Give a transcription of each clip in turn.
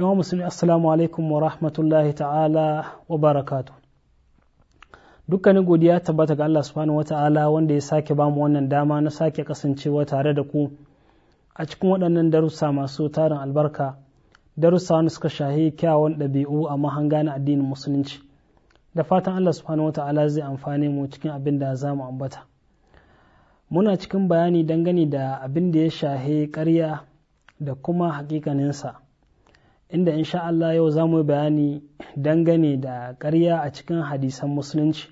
yawan musulmi assalamu alaikum wa rahmatullahi ta'ala wa barakatu dukkanin godiya tabbata ga Allah subhanahu wa ta'ala wanda ya sake bamu wannan dama na sake kasancewa tare da ku a cikin waɗannan darussa masu tarin albarka darussa wani suka shahi kyawun ɗabi'u a mahanga na addinin musulunci da fatan Allah subhanahu wa ta'ala zai amfani mu cikin abin da za mu ambata muna cikin bayani dangane da abin da ya shahi ƙarya da kuma hakikaninsa inda insha Allah yau za mu bayani dangane da karya a cikin hadisan musulunci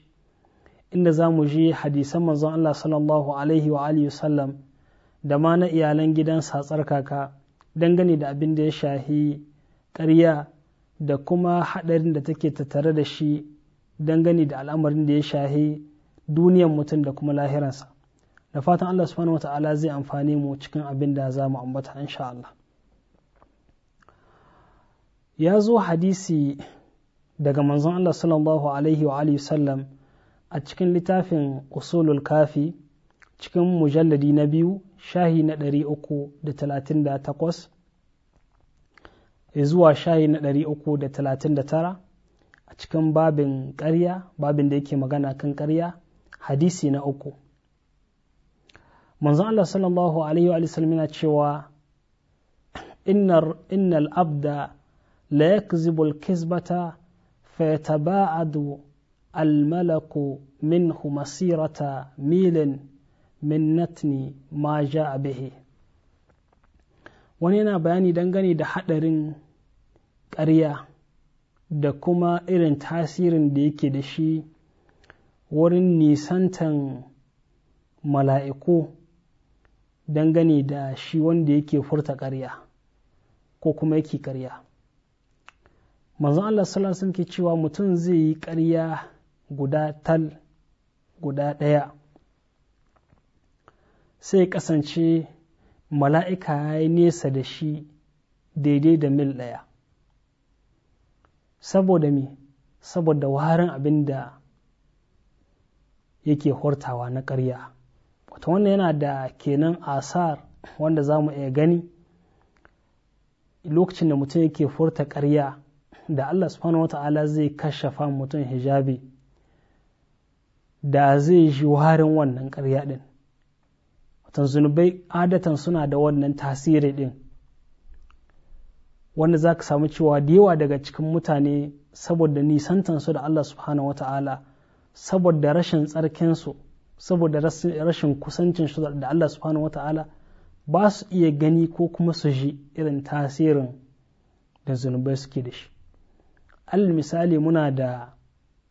inda za mu ji hadisan manzon Allah sallallahu alaihi wa alihi sallam da ma na iyalan gidan satsar kaka dangane da abin da ya shahi karya da kuma haɗarin da take tattare da shi dangane da al'amarin da ya shahi duniyar mutum da kuma lahiransa da fatan Allah subhanahu wa ta'ala zai amfane mu cikin abin da za mu ambata insha Allah ya zo hadisi daga manzon Allah sallallahu alaihi wa alihi sallam a cikin littafin usulul kafi cikin mujalladi na biyu shahi na ɗari uku da talatin da takwas zuwa shahi na ɗari uku da talatin da tara a cikin babin ƙarya babin da yake magana kan ƙarya hadisi na uku manzon Allah sallallahu alaihi wa sallam yana cewa innal abda la yakzibu alkizbata fayataba'adu almalaku minhu masirata milin min natni ma a bihi wani yana bayani dangane da haɗarin ƙarya da kuma irin tasirin da yake da shi wurin nisantan mala'iku dangane da shi wanda yake furta ƙarya ko kuma yake ƙarya manzon Allah sallallahu alaihi ke cewa mutum zai yi ƙarya guda tal guda ɗaya sai kasance mala'ika ya yi nesa da shi daidai da mil ɗaya saboda me saboda warin abin da yake hortawa na ƙarya wata wannan yana da kenan asar wanda za mu iya gani lokacin da mutum yake furta ƙarya da Allah subhanahu wa ta'ala zai kashafa mutum hijabi da zai ji warin wannan ƙarya ɗin watan zunubai adatan suna da wannan tasiri ɗin wanda za ka samu cewa da yawa daga cikin mutane saboda nisantansu da Allah subhanahu wa ta'ala saboda rashin tsarkinsu saboda rashin kusancinsu da Allah subhanahu wa ta'ala ba su iya gani ko kuma su ji irin tasirin da zunubai suke da shi almisali muna da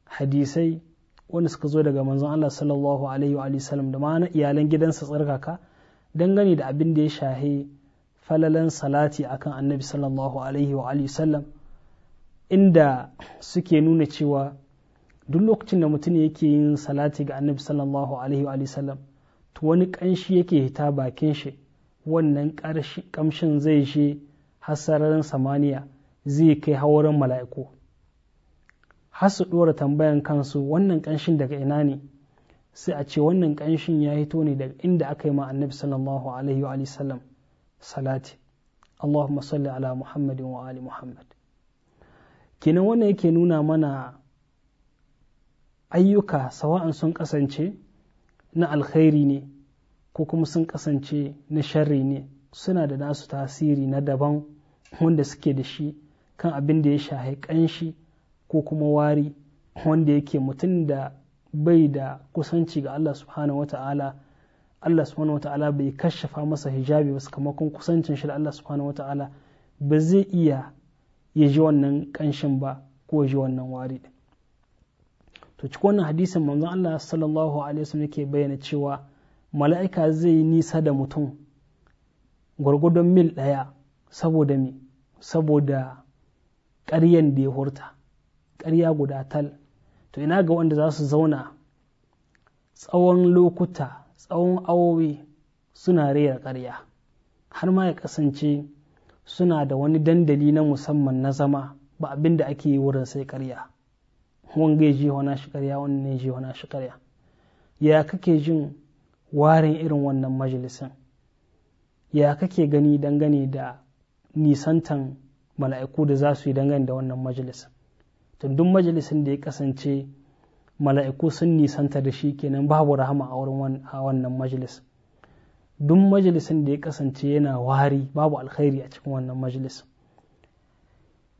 hadisai wanda suka zo daga manzon Allah sallallahu alaihi wa sallam da ma'ana iyalan gidansa tsarkaka dangane da abin da ya shahe falalan salati akan annabi sallallahu alaihi wa sallam inda suke nuna cewa duk lokacin da mutum yake yin salati ga annabi sallallahu alaihi wa sallam to wani kanshi yake hita bakin shi wannan kamshin zai shi hasararin samaniya zai kai hauren mala'iku har su ɗora tambayan kansu wannan ƙanshin daga ina ne sai a ce wannan ƙanshin ya hito ne daga inda aka yi ma annabi sallallahu alaihi wa sallam salati Allahumma salli ala Muhammadin wa ali Muhammad kenan wannan yake nuna mana ayyuka sawa'an sun kasance na alkhairi ne ko kuma sun kasance na sharri ne suna da nasu tasiri na daban wanda suke da shi kan abin da ya shahi ƙanshi ko kuma wari wanda yake mutum da bai da kusanci ga Allah subhanahu wata'ala Allah subhanahu wata'ala bai kashafa masa hijabi ba sakamakon kusancin shi da Allah subhanahu wata'ala ba zai iya ya ji wannan kanshin ba ko ji wannan wari to cikin wannan hadisin manzon Allah sallallahu alaihi wasallam yake bayyana cewa mala'ika zai nisa da mutum gwargwadon mil ɗaya saboda me saboda ƙaryan da ya hurta ƙarya guda tal to ina ga wanda za su zauna tsawon lokuta tsawon awowi suna rera ƙarya har ma ya kasance suna da wani dandali na musamman na zama ba abin da ake yi wurin sai ƙarya wanga ji wana shi ƙarya wannan ji wana shi ƙarya ya kake jin warin irin wannan majalisin ya kake gani dangane da nisantan mala'iku da za su yi dangane da wannan majalisin to duk majalisin da ya kasance mala'iku sun nisanta da shi kenan babu rahama a wannan majalis duk majalisin da ya kasance yana wari babu alkhairi a cikin wannan majalis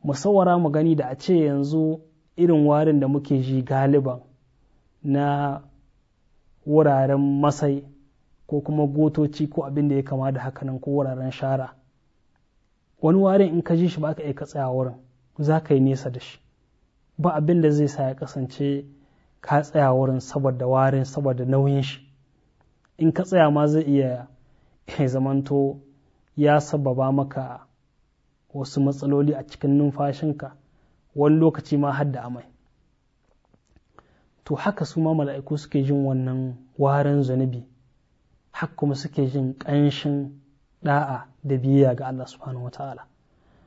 musawara mu gani da a ce yanzu irin warin da muke ji galiban na wuraren masai ko kuma gotoci ko abin da ya kama da hakanan ko wuraren shara wani warin in ka ji shi ba ka iya tsaya wurin za ka yi nesa da shi ba abin da zai sa ya kasance ka tsaya wurin saboda warin saboda nauyin shi in ka tsaya ma zai iya zamanto ya sababa maka wasu matsaloli a cikin numfashinka wani lokaci ma har da amai to haka su ma mala'iku suke jin wannan warin zunubi har kuma suke jin ƙanshin ɗa'a da biyayya ga Allah subhanahu wa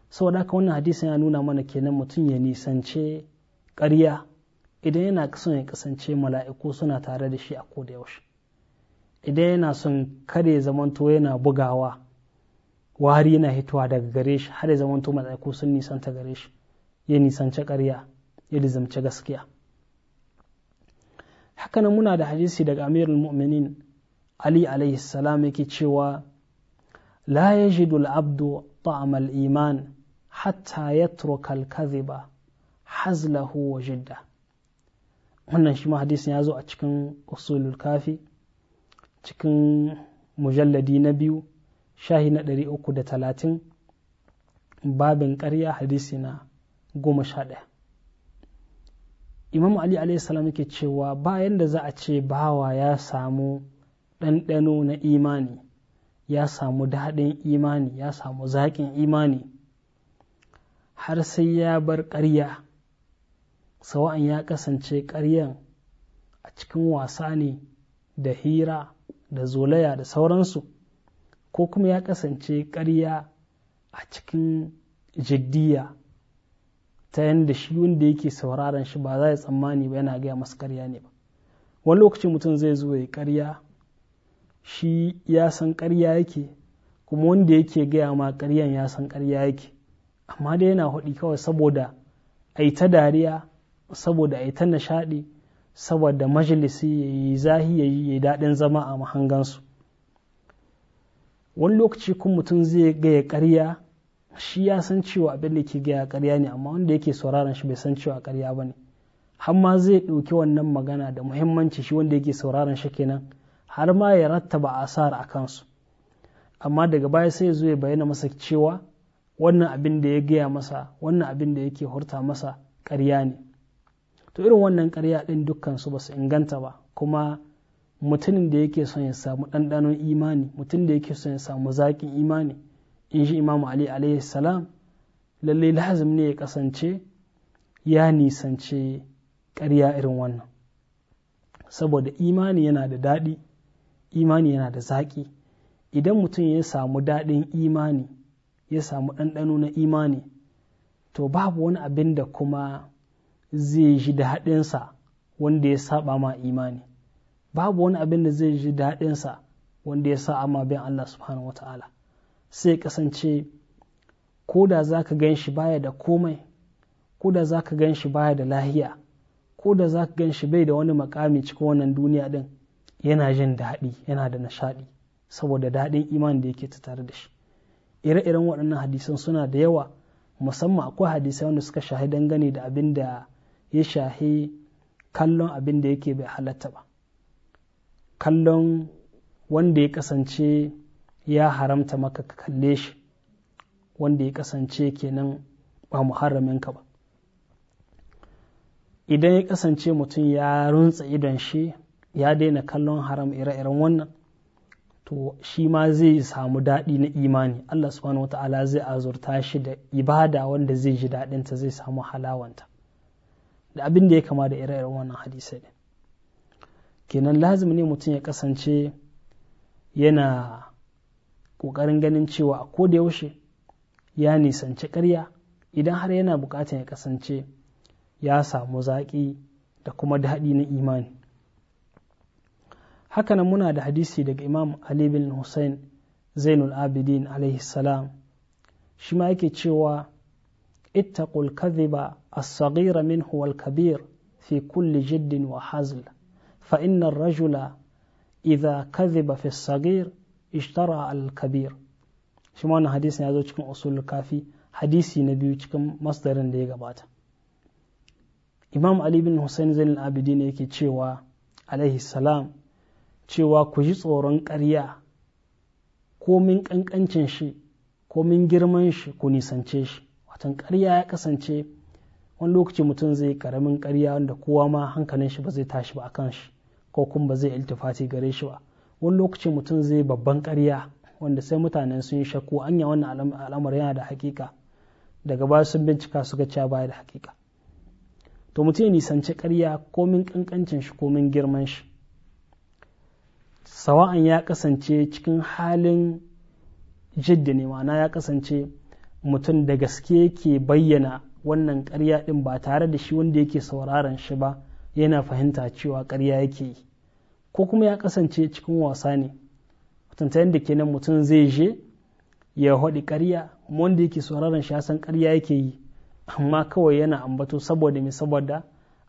saboda haka wannan hadisin ya nuna mana kenan mutum ya nisance ƙarya idan yana son ya kasance mala'iku suna tare da shi a koda yaushe idan yana son kare zamanto yana bugawa wari yana hitowa daga gare shi har ya zamanto mala'iku sun nisanta gare shi ya nisanci ƙarya ya lizamci gaskiya hakanan muna da hadisi daga amirul mu'minin ali alaihi salam yake cewa la yajidu al-abdu ta'am al-iman hatta yatruka al-kadhiba hazlahu wa jidda wannan shi ma hadisin ya zo a cikin usulul kafi cikin mujalladi na biyu shahi na ɗari uku da talatin babin ƙarya hadisi na goma sha ɗaya imam ali salam yake cewa bayan da za a ce bawa ya samu ɗanɗano na imani ya samu daɗin imani ya samu zaƙin imani har sai ya bar ƙarya sawa'an ya kasance ƙaryan a cikin wasa ne da hira da zolaya da sauransu ko kuma ya kasance ƙarya a cikin jiddiya ta yadda shi wanda yake sauraron shi ba za ya tsammani ba yana gaya masu ƙarya ne ba wani lokacin mutum zai zo ya karya shi ya san ƙarya yake kuma wanda yake gaya ma ƙaryan ya san ƙarya yake amma dai yana haɗi kawai saboda a yi ta dariya saboda a yi ta nishaɗi saboda majalisi ya yi zahi ya yi daɗin zama a mahangansu wani lokaci kun mutum zai gaya karya shi ya san cewa abin da ke gaya karya ne amma wanda yake sauraron shi bai san cewa karya ba ne har ma zai ɗauki wannan magana da muhimmanci shi wanda yake sauraron shi kenan har ma ya rattaba asar a kansu amma daga baya sai zo ya bayyana masa cewa wannan abin da ya gaya masa wannan abin da yake hurta masa karya ne to irin wannan ƙarya ɗin dukkan su ba su inganta ba kuma mutumin da yake son ya samu ɗanɗanon imani mutum da yake son ya samu zaƙin imani in shi imamu ali alayhi salam lalle lazim ne ya kasance ya nisance ƙarya irin wannan saboda imani yana da daɗi imani yana da zaƙi idan mutum ya samu daɗin imani ya samu ɗanɗano na imani to babu wani abin da kuma zai ji daɗinsa wanda ya saba ma imani babu wani abin da zai ji daɗinsa wanda ya sa ma bin Allah subhanahu wa ta'ala sai kasance ko da za ka gan shi baya da komai ko da za ka gan shi baya da lahiya ko da za ka gan shi bai da wani makami cikin wannan duniya ɗin yana jin daɗi yana da nishaɗi saboda daɗin iman da yake ta tare da shi ire-iren waɗannan hadisan suna da yawa musamman akwai hadisai wanda suka shahi dangane da abin da ya shahi kallon abin da yake bai halatta ba kallon wanda ya kasance ya haramta maka ka kalle shi wanda ya kasance kenan ba muharraminka ba idan ya kasance mutum ya runtsa idon shi ya daina kallon haram ire-iren wannan to shi ma zai samu daɗi na imani Allah subhanahu ta'ala zai azurta shi da ibada wanda zai ji daɗinta zai samu halawanta da abin da ya kama da ire-iren wannan hadisai kenan lazim ne mutum ya kasance yana ƙoƙarin ganin cewa a ko da yaushe ya nisanci ƙarya idan har yana buƙatar ya kasance ya samu zaƙi da kuma daɗi na imani hakanan muna da hadisi daga imam ali bin hussein zainul abidin alaihi salam shi ma yake cewa ittaqul kadhiba الصغير منه والكبير في كل جد وحزل فإن الرجل إذا كذب في الصغير اشترى الكبير shi ma wannan hadisin ya zo cikin usul kafi hadisi na biyu cikin masdarin da ya gabata imam ali bin hussein zain abidi ne yake cewa alaihi salam cewa ku ji tsoron ƙarya komin ƙanƙancin shi komin girman shi ku nisance shi watan ƙarya ya kasance wani lokaci mutum zai karamin ƙarya wanda kowa ma hankalin shi ba zai tashi ba akan shi ko kuma ba zai iltifati gare shi ba wani lokaci mutum zai babban ƙarya wanda sai mutanen sun yi shakku anya wannan al'amar yana da hakika daga baya sun bincika suka cewa baya da hakika to mutum ya nisanci ƙarya komin ƙanƙancin shi komin girman shi sawa'an ya kasance cikin halin jiddi ne ma'ana ya kasance mutum da gaske yake bayyana wannan ƙarya ɗin ba tare da shi wanda yake sauraron shi ba yana fahimta cewa karya yake yi ko kuma ya kasance cikin wasa ne mutunta yadda kenan mutum zai je ya haɗi ƙarya wanda yake sauraron shi ya san ƙarya yake yi amma kawai yana ambato saboda mai saboda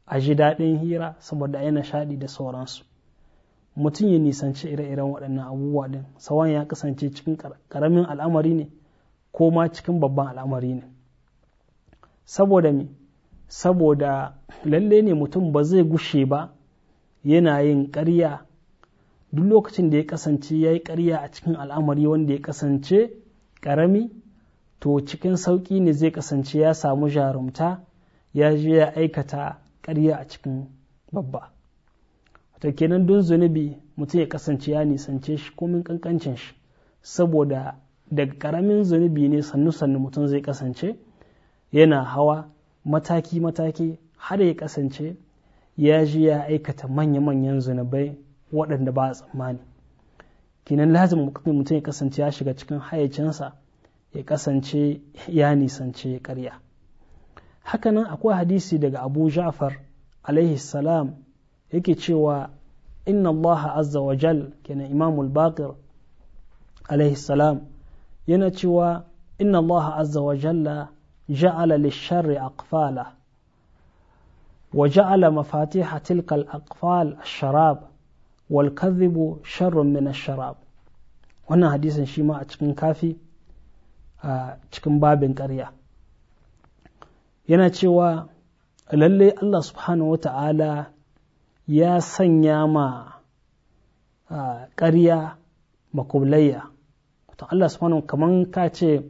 a ji daɗin hira saboda yana nishaɗi da sauransu mutum ya nisanci ire-iren waɗannan abubuwa ɗin sawan ya kasance cikin ƙaramin al'amari ne ko ma cikin babban al'amari ne saboda me saboda lalle ne mutum ba zai gushe ba yana yin ƙarya duk lokacin da ya kasance ya yi ƙarya a cikin al'amari wanda ya kasance ƙarami to cikin sauƙi ne zai kasance ya samu jarumta ya je ya aikata ƙarya a cikin babba Ta kenan don zunubi mutum ya kasance ya nisance shi komin kankancin shi saboda daga ƙaramin zunubi ne sannu sannu mutum zai kasance yana hawa mataki-mataki har ya kasance ya ji ya aikata manya-manyan zunubai waɗanda ba a tsammani kinan lazim mutum ya kasance ya shiga cikin hayyacinsa ya kasance ya nisance karya hakanan akwai hadisi daga abu ja'far alaihi salam yake cewa inna allaha azza wa jal kenan imamul baqir alaihi salam yana cewa inna allaha azza wa jalla ja'ala lisharri aqfala wa ja'ala mafatiha tilka al-aqfal ash-sharab wal kadhibu sharrun min ash-sharab wannan hadisin shi ma a cikin kafi a cikin babin ƙarya yana cewa lalle Allah subhanahu wata'ala ya sanya ma ƙarya makulayya to Allah subhanahu kaman ka ce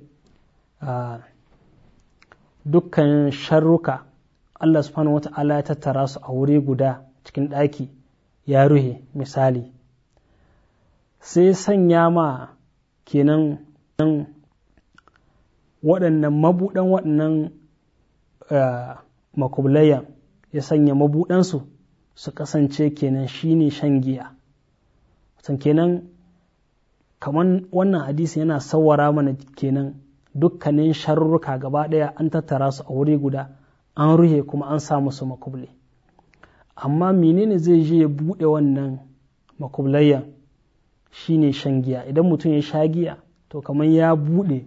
dukkan sharruka Allah subhanahu wata'ala ya tattara su a wuri guda cikin ɗaki ya ruhe misali sai sanya ma kenan waɗannan mabuɗan waɗannan eh, makublaya ya sanya mabuɗansu su kasance kenan shine shan giya kenan kamar wannan hadisi yana sawara mana kenan dukkanin sharurruka gaba ɗaya an tattara su a wuri guda an ruhe kuma an sa musu makubli. amma menene zai je ya buɗe wannan makublayyan shine shan giya idan mutum ya sha giya to kamar ya buɗe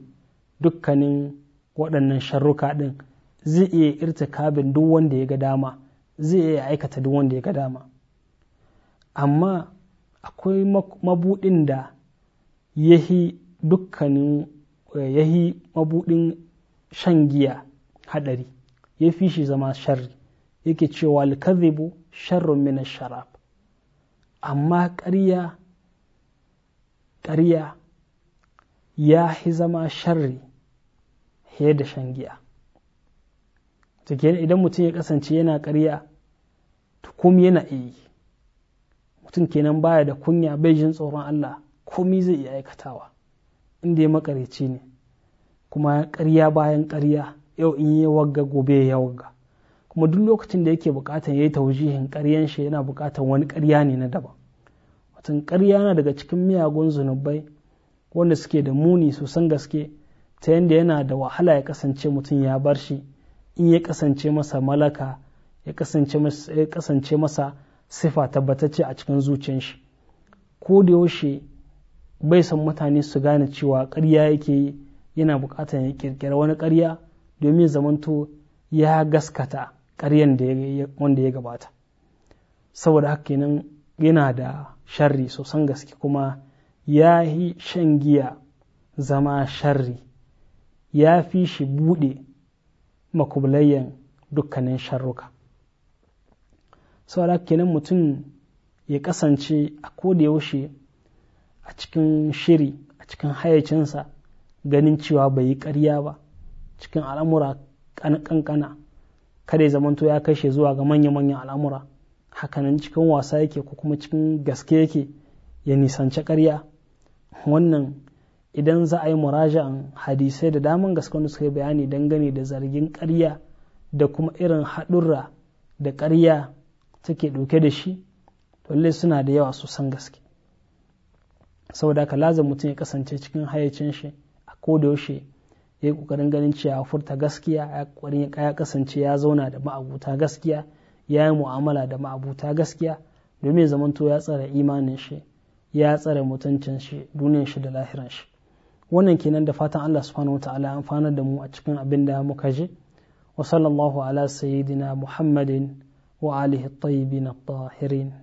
dukkanin waɗannan sharruka ɗin zai iya irta kabin duk wanda ya ga dama zai iya aikata duk wanda ya ga dama amma akwai mabuɗin da yahi dukkanin Eh, yahi mabuɗin shan giya haɗari ya fi shi zama sharri yake cewa alkazibu sharrun min sharab amma ƙarya ƙarya ya fi zama sharri fiye da shan giya idan mutum ya kasance yana ƙarya tukum yana iya mutum kenan baya da kunya bai jin tsoron Allah komi zai iya aikatawa inda ya makarici ne kuma ƙarya bayan ƙarya yau in yi wagga gobe ya wagga kuma duk lokacin da yake bukatan ya yi taujihin ƙaryan shi yana bukatan wani ƙarya ne na daban watan ƙarya na daga cikin miyagun zunubai wanda suke da muni sosan gaske ta yadda yana da wahala ya kasance mutum ya bar shi in ya kasance masa malaka ya kasance masa sifa tabbatacce a cikin zuciyar shi ko da yaushe bai san mutane su gane cewa ƙarya yake yana buƙatar ya ƙirƙira wani ƙarya domin zamanto ya gaskata ƙaryan wanda ya gabata saboda haka kenan yana da sharri sosan gaske kuma ya yi shan giya zama sharri ya fi shi buɗe makubulayyan dukkanin sharruka saboda haka kenan mutum ya kasance a koda yaushe a cikin shiri a cikin hayacinsa ganin cewa bai yi ƙarya ba cikin al'amura kankana kada ya zamanto ya kashe zuwa ga manya-manyan al'amura hakanan cikin wasa yake ko kuma cikin gaske yake ya nisanci ƙarya wannan idan za a yi muraja'an hadisai da daman gaske wanda suka yi bayani dangane da zargin ƙarya da kuma irin haɗurra da ƙarya take ɗauke da shi to suna da yawa sosan gaske saboda ka lazar mutum ya kasance cikin hayacin shi a kodayaushe ya yi kokarin ganin cewa furta gaskiya a kokarin ya kasance ya zauna da ma'abuta gaskiya ya yi mu'amala da ma'abuta gaskiya domin zamanto ya tsare imanin shi ya tsare mutuncin shi duniyar shi da lahiran shi wannan kenan da fatan Allah subhanahu wataala ya amfana da mu a cikin abin da muka ji wa sallallahu ala sayyidina muhammadin wa alihi at-tayyibin tahirin